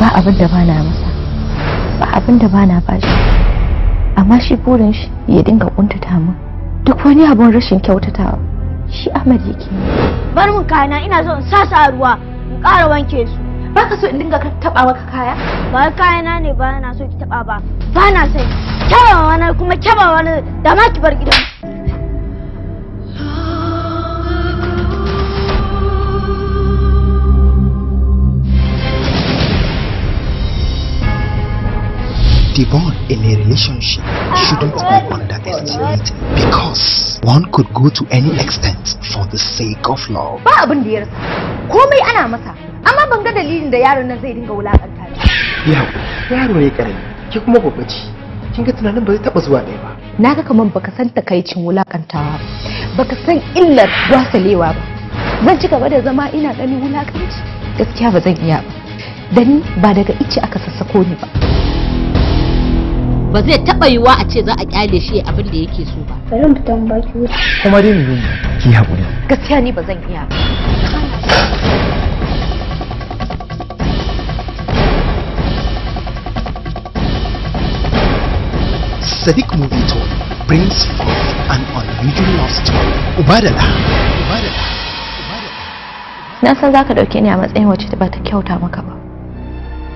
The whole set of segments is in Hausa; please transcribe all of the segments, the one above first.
ba abin da bana masa ba abin da bana bashi amma shi burin shi ya dinga kuntata mu duk wani abun rashin kyautata shi Ahmad yake bar mun kana ina zo in sasa a ruwa in ƙara wanke su baka so in dinga taba maka kaya ba kayana ne ba na so ki taba ba ba na sai kyawawa na kuma kyawawa na da ma ki bar gidan The bond in a relationship shouldn't be underestimated because one could go to any extent for the sake of love. Ba abin da ya rasa, komai ana masa, amma ban ga dalilin da yaron nan zai dinga wulakanta ba. Ya'u, yaro ne karami, ke kuma babba ce. Kin ga tunanin ba zai taba zuwa ɗaya ba. Na ga kaman baka san takaicin wulakantawa ba, baka san illar wasalewa ba. Zan ci gaba da zama ina ganin wulakanci. Gaskiya ba zan iya ba. Dani ba daga ice aka sassako ni ba. ba zai taɓa yiwa a ce za a kyale shi abin da yake so ba bari mu tambaki wuta kuma dai ne ki haƙuri gaskiya ni ba zan iya Sadiq Movie brings forth an unusual love story. Ubadala. Ubadala. Na san za ka ɗauke ni a matsayin wacce ba ta kyauta maka ba,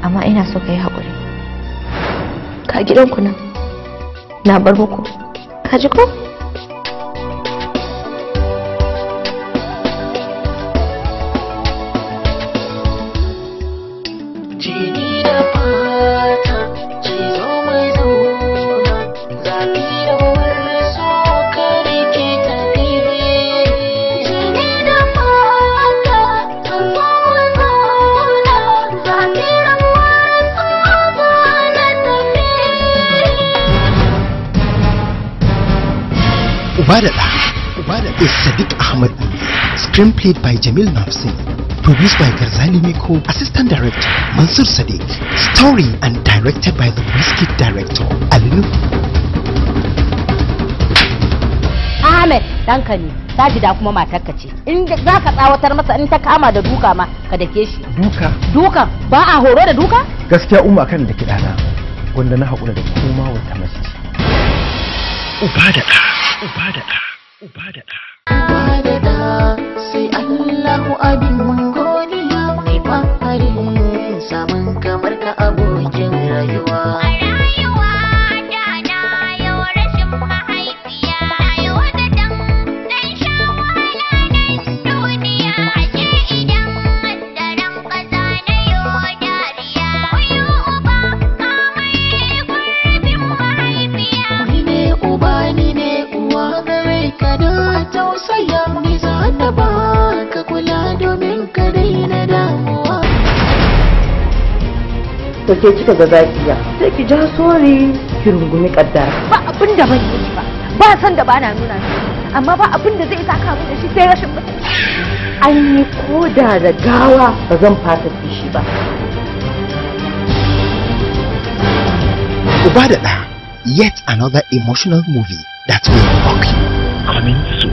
amma ina so ka yi haƙuri. ka gidanku nan na bar muku ka ji ko Uba da Ɗa is Sadiq Ahmad Screenplay by Jamil Nafsi Produced by Garzali Miko Assistant Director Mansur Sadiq Story and directed by the Whiskey Director Alinu Ahmed ɗanka ne sajida kuma matarka ce in za ka tsawatar masa in ta kama da duka ma ka dake shi duka duka ba a horo da duka gaskiya umma kan da kiɗana wanda na haƙura da koma wata masu uba da ɗa uba da ɗa uba da ɗa uba da sai Allahu abin ka daina damuwa to ke kika ga zakiya sai ki ja sori ki rungumi kaddara ba abin da ban yi ba ba san da ba na nuna shi amma ba abin da zai saka min da shi sai rashin mutunci an yi koda da gawa ba zan fata shi ba Uba da ɗa, yet another emotional movie that will rock you. Coming soon.